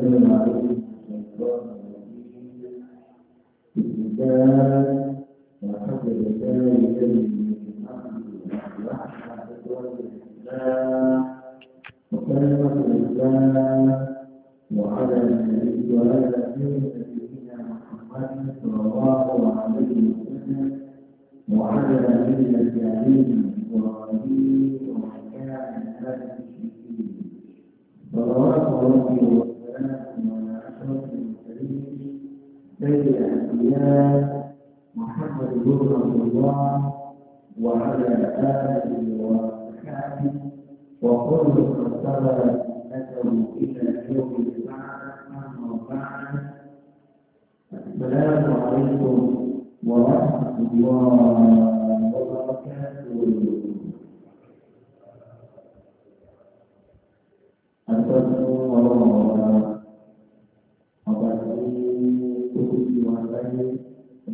السلام عليكم الكتاب وحفظ الكتاب وكلمة الإسلام وعلى النبي سيدنا محمد صلى الله عليه وسلم وعلى ملة أبيه وأبيه وحكام المسلمين صلوات ربي وسلم والسلام على أشرف المرسلين سيد الأنبياء محمد رسول الله وعلى آله وصحبه وكل من سلك إلى يوم البعث أما بعد السلام عليكم ورحمة الله وبركاته.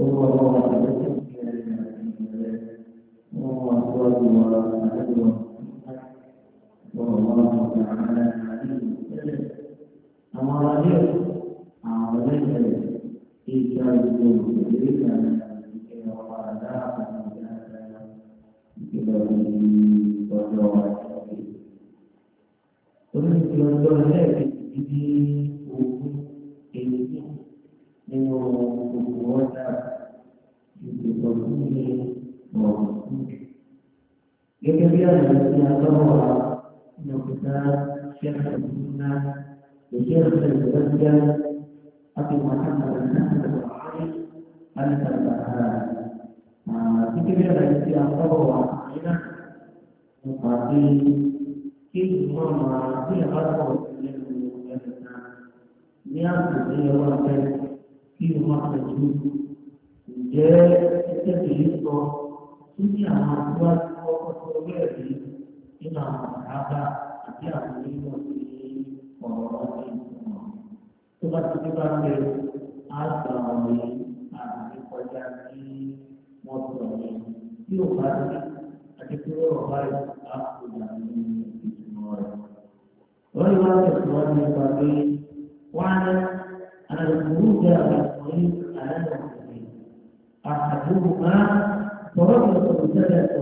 Kita berdoa untuk الرجال الذين ظهر من الكتاب شيخ السنه لشيخ المسجد ابي محمد الحسن الرحيم الفلاحان فكرة التي أخبروا عقائنا مقابل كيف مرة في غرفة ní àkùnrin ẹ̀yẹ wà bẹ́ẹ̀ kí o máa tẹ̀lé ǹjẹ́ ẹgbẹ́ ìlú sọ tó ní àwọn àdúrà ọmọ ọmọ tó lé ẹ̀dí nínú àwọn àgbà àti àbúrò ìwọ̀n sí ọ̀rọ̀ ọ̀sẹ̀ ìgbìmọ̀. Tó bá ti dé bá lé a gbà wọ́n lé àbúrò kọjá sí wọ́n tó lọ lé. Bí o bá dé, àdékúrò ọ̀bá yìí bá kó dà ní ìgbìmọ̀ rẹ̀. Wọ́n yóò wá tẹ̀sán wọn ní ọgbà pé wọ́n á ní àdùnnú jẹ àgbà fún yín àyẹ̀wò ọ̀sẹ̀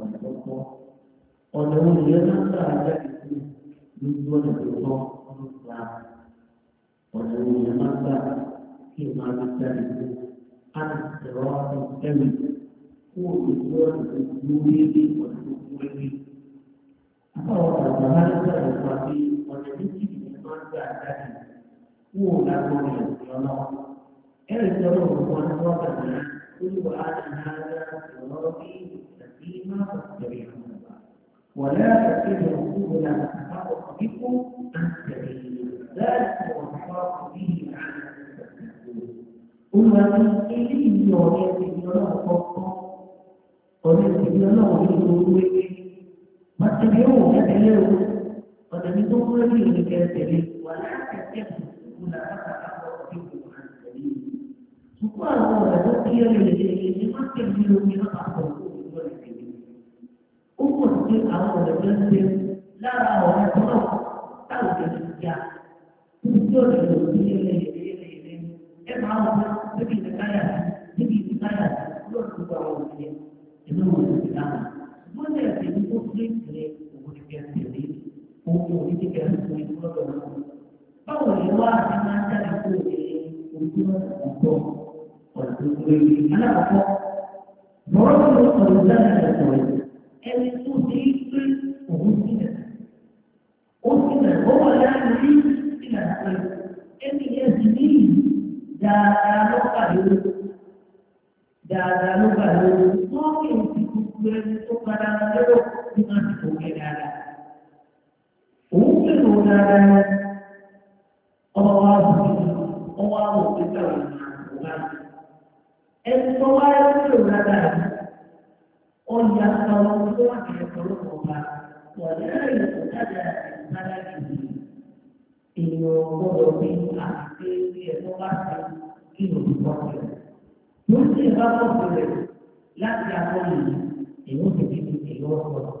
àkọ́kọ́ ọ̀nà olùyẹ máa ń gbà jáde sí lójú ọ̀nà tó tọ́ ọdún ìgbà ọ̀nà olùyẹ máa ń gbà kí n máa fi jáde sí àtẹ̀rọ ẹ̀mí kó o lè fi ọ̀nà tó lórí ilé ọ̀nà tó kú ẹ̀mí. Àbáwọ̀ àgbà máa ń gbà nípa bí ọ̀nà méjì ìyẹn máa ń gbà jáde kó o lágbo rẹ̀ lọ́nà. Ẹ̀rì tí ọlọ́run kan ní wọ́n bàtà ó ní wàhálà náà فيما تستريح منها ولا تكيد ركوبنا تحقق بكم أن تبين ذلك هو الحق به على ثم من إليه يريد أن يرى الله فاتبعوه كتلوه قد بدون رجل الكاتبين ولا عن تكتبوا سبحان الله الذي ما تبدلوا من ini kemudian jadi buku ini kan buku atau buku. Kalau lewat di mana buku ini buku atau buku. buku ini mana buku? Baru baru baru jadi buku ini. Ini tu tipu buku ini. Buku ini bawa yang ini tidak ada. Ini dia sini jangan lupa dulu. Jangan lupa dulu. Mungkin buku ini tu kadang-kadang tí àwọn tó wà ní ẹ̀kọ́rọ̀ ìlú. Èèyàn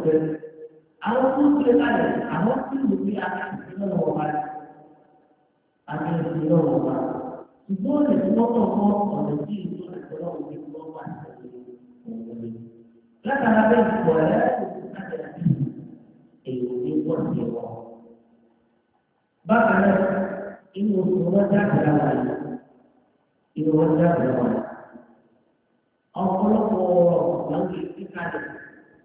kemudian aku tidak eh, ada, aku tidak ada, aku tidak ada, aku tidak ada, aku tidak ada, aku tidak ada, aku tidak ada, aku tidak ada, aku tidak ada, aku tidak ada, aku tidak ada, aku tidak ada, aku tidak ada, aku tidak ada, aku tidak ada, aku tidak ada, aku tidak ada, aku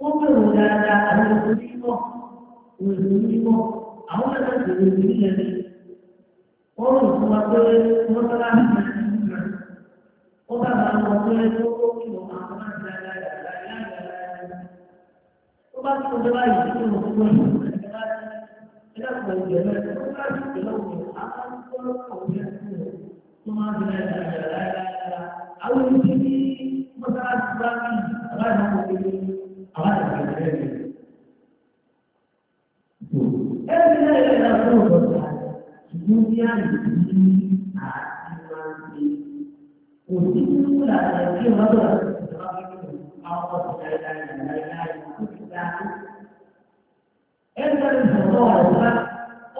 wọ́n àwọn èso mímọ́ ń bá ẹni mú rẹ̀ wọ́n sábà ń wọ pé ó kí wọ́n máa wọ́n máa ń da ara rẹ̀ láyé láyé láyé tó bá tún ọjọ́ báyìí tí wọ́n fún wọn ẹ̀ka ìgbà ìgbẹ̀rẹ̀ tó bá tún ìgbẹ̀rẹ̀ òun àwọn ọlọ́pàá òun yẹn fún wọn tó máa ń da ara rẹ̀ láyé láyé láyé yóò lọ sí àná ṣùgbọ́n bí àyè ní àti máa ń ṣe òsì tí ó là ẹ̀ kí wọ́n lọ sí ìjọba fún àwọn ọ̀sẹ̀ láìláì láìláì tó ti dá. ẹgbẹ́ ìṣòro ọ̀gá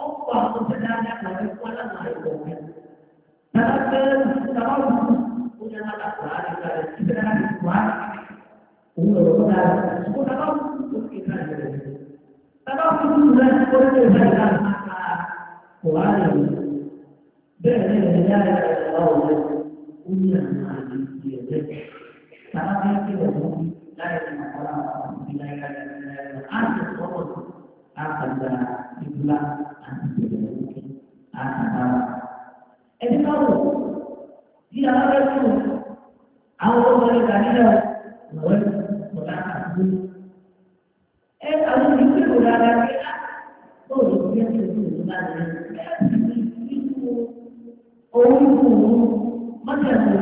ó kọ́ àwọn ọ̀sẹ̀ dáadáa kan ní kọ́lá náà ìwọ̀ rẹ̀. Tàbá bẹ́ẹ̀ tàbá wù ú ó yẹ máa dàpọ̀ láti gbà rẹ̀ síbẹ̀ láti wá òun lọ̀rọ̀ kọ́lá rẹ̀. Ṣùgbọ́n tàbá wù ú ó kì í ká ìrẹ̀ tàbá wù ú náà ó lè kuali dari negara Allah punya hari ini. Saat ini kita mungkin dari negara negara negara asal pun akan ada ibadah anti negara. Eh tahu dia ada tu. Awal dari tadi dah, mulai mulakan. Eh tahu juga orang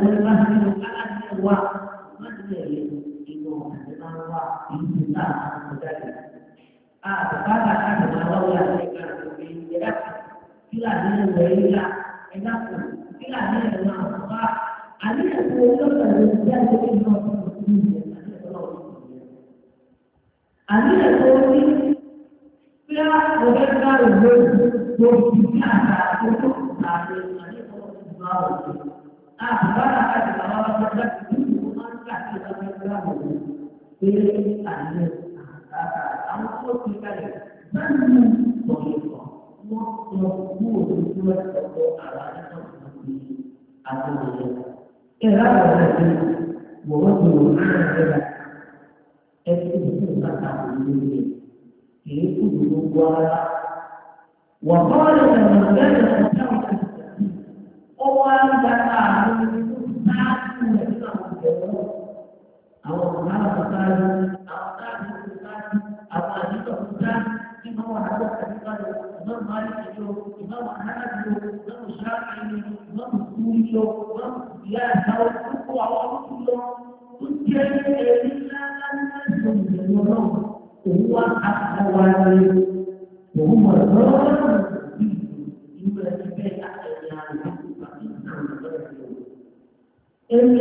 我们班只有三个人，我，个人经过我们班的话，影响大，不在点。啊，我爸爸他是大道上的一个农民，人虽然没有学历，人家苦，虽然没有文化，人家读书我们读书人家走路的时候，人家走路的时候，人家走路的时候，人家走路家走人家走路的时候，人家走路的时候，人家 أخبر أن الله تكتبه أن تحفظ كتابه في أن أنصت كلمة ظن طريقة مقبول يوثق على نفسه عز وجل إرادة الذين ورجل عاجل أكتبه فتعلمه في قلوب وقال من كان يتبع orang datang satu yang kita berdoa. Awak mengalah pesan, awak tak berpesan, awak tak berpesan, kita berhadap kepada Imam Malik itu, Imam Ahmad itu, Imam Syafi'i itu, Imam Suri itu, Imam Dia tahu itu awak itu. Kunjian ini adalah kunjian yang Allah. Allah akan wajib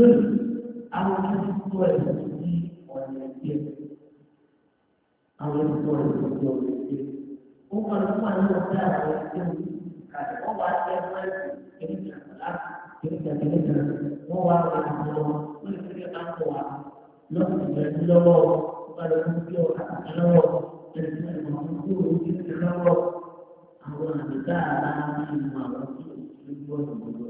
对，安徽的土特产，你可能记得，安徽的土特产，我可能忘记了。我我忘记了，经常来，经常经常，我忘记了，我忘记了安徽的土特产，哪些土特产？我可能就，可能就，可能就，可能就，安徽的土特产，你可能记不记得？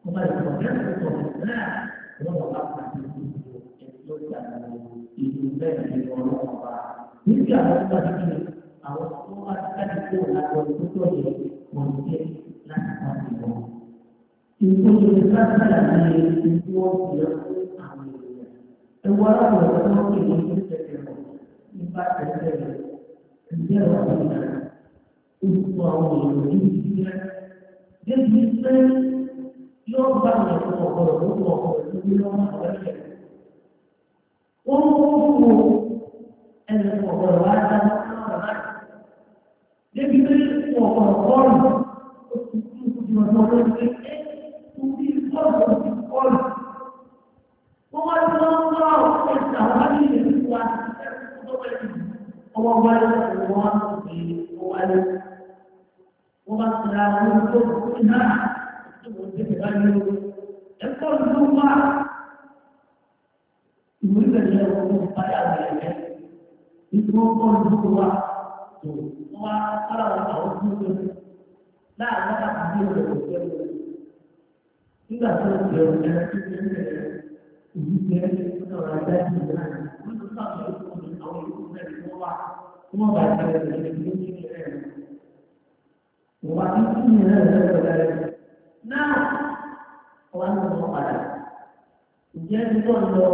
Nou sil yo sa gie, vate ven akaj- silent an sotan. A shift fote akaj ano bat anti, how sa montu western nati, fote sou nge to ven koui scholarship ibanti sabote. Chi まず se majho kap political interesting Sou senye yavinyez pou mu yi... nan wote yande sete thew ilation log yon intelligence yóò bá àwọn ẹ̀kọ́ ọ̀pọ̀lọ̀ tó ń ọ̀pọ̀ lórí lọ́wọ́ àwọn ẹ̀ṣẹ̀. Ó ń kó fún o ẹni ọ̀pọ̀lọ̀ wá dá Débi pé ọ̀pọ̀lọ̀ bọ́ọ̀lù ó ti kú ìdí ọ̀dọ́ lórí pé ẹ́ kú bí bọ́ọ̀lù ti bọ́ọ̀lù. Wọ́n wá sí wọ́n ń bá ọ̀pọ̀ ìta wá ní ìlú wa ọwọ́ wá lọ́wọ́ wá sí ọwọ́ wá lọ́wọ́. Wọ́n bá ti ra ọmọ tó kú náà. 但是，等到读书啊，你每个人我们大家里面，你光光读书啊，读书啊，他那毫无知识，那那肯定有些真的说不准的。以前那个年代，我们上学的时候，你再说话，说话大家都是年轻人，我们年轻人那时候在。náà ọwọ́ ní ọmọ padà ǹjẹ́ ẹni tó ń lọ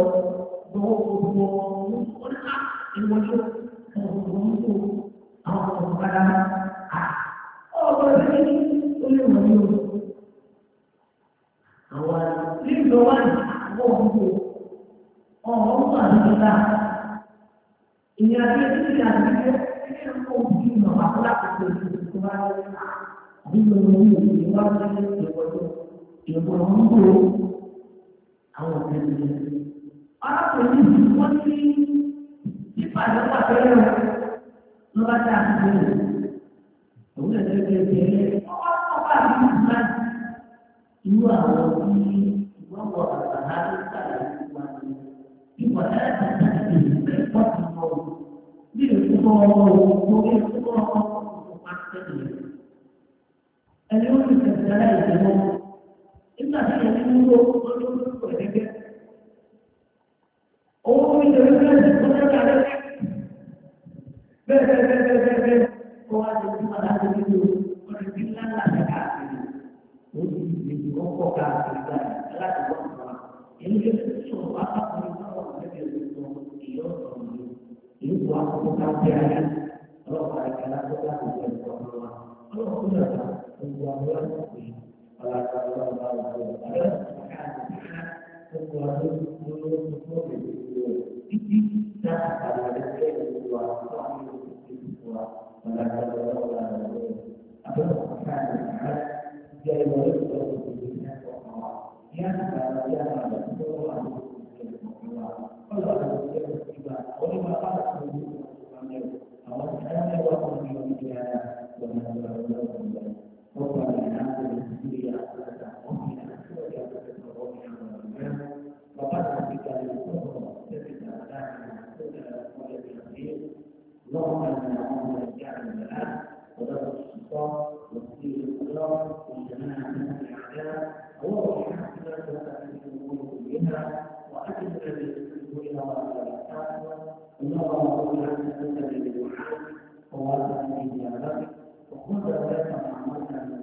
gbọ́wọ́ gbogbo ọmọ oníkà ìwọ́jọ́ ọmọ oníkò àwọn ọmọ padà ọmọ rẹ̀ ní olè wọ̀ ní o. Àwọn nílò wà ní àwọn ọmọ ọmọ ọmọ àdúgbò ìyẹn àti ẹgbẹ́ ìyàgbẹ́ ẹgbẹ́ ọmọ òbí ìmọ̀ àkọ́lá kò tó tó bá yẹ ká nínú ìwé ìwà ìwọ̀dọ̀ ìwọ̀n ń bò àwọn òbẹ̀rẹ̀. Arákùnrin yìí wọ́n ní nípa ìjọba tẹ́lẹ̀ rẹ̀ ló bá dá àdúgbò rẹ̀. Òun lè fẹ́ bẹ́ẹ̀ bẹ́ẹ̀ ọwọ́ náà bá mi jù náà. Irú àwọn òbí ìwọ́n wọ bàbá náà ló sàlàyé fún wa ní. Ìwọ̀n náà ti sàlàyé ìgbẹ́ pọ̀ sí ọ̀rọ̀. Bí èso bọ́ ọmọ òun tó kẹ́ ọmọ òun tó máa ń tẹ̀lé ẹni wọn ti tẹ̀sí ara ìdè wọn nígbà tí ẹni wọn kó wọn tó tó tó ẹni gẹ. owó mi tẹ̀lé bí wọ́n ti kó ní ọjà lẹ́sẹ̀. bẹ́ẹ̀ bẹ́ẹ̀ bẹ́ẹ̀ bẹ́ẹ̀ bẹ́ẹ̀ bẹ́ẹ̀ kó wá lè fún wa láti fi lò wọ́n ti fi ńlá ńlá ní káàkiri. ó ti lè fi wọ́n kọ́ káàkiri báyìí láti wọ́n fún wa. èyí ló ti sọ̀rọ̀ wá pàtó ní sọ̀rọ̀ ọ̀rẹ́ yang ada yang ada itu adalah kalau ada اللهم صل على سيدنا محمد وعلى اله وصحبه وكل ذلك محمد